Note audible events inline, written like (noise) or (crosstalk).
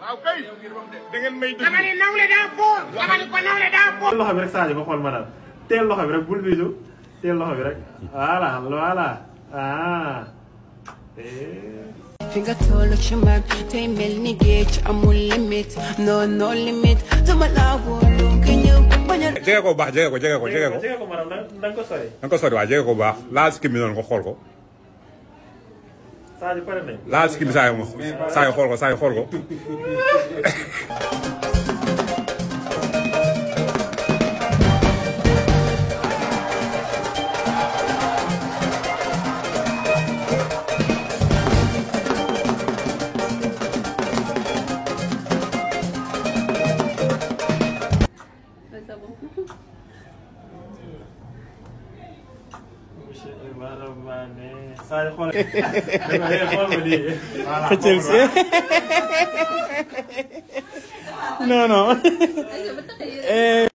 waaw kay da ngeen may déglu dama ne nawle daa foor. dama ne ko nawle daa foor. teel loxo bi rek Sadio nga xool maanaam teel loxo bi rek bul bisu teel loxo bi rek voilà voilà ah. Eh. fi nga toll ci man tey mel ni géej amul limit non non limit dama laa wóolu nga ñëw bañ a. jege ko bu baax jege ko jege ko jege ko. jege ko maanaam da nga ko sori. da nga ko sori waaw jege ko bu baax laal si kii bi noonu nga xool ko. لا سكيل ساي مو ساي خورغو ساي خورغو (laughs) (laughs) (laughs) non non Sadio je non.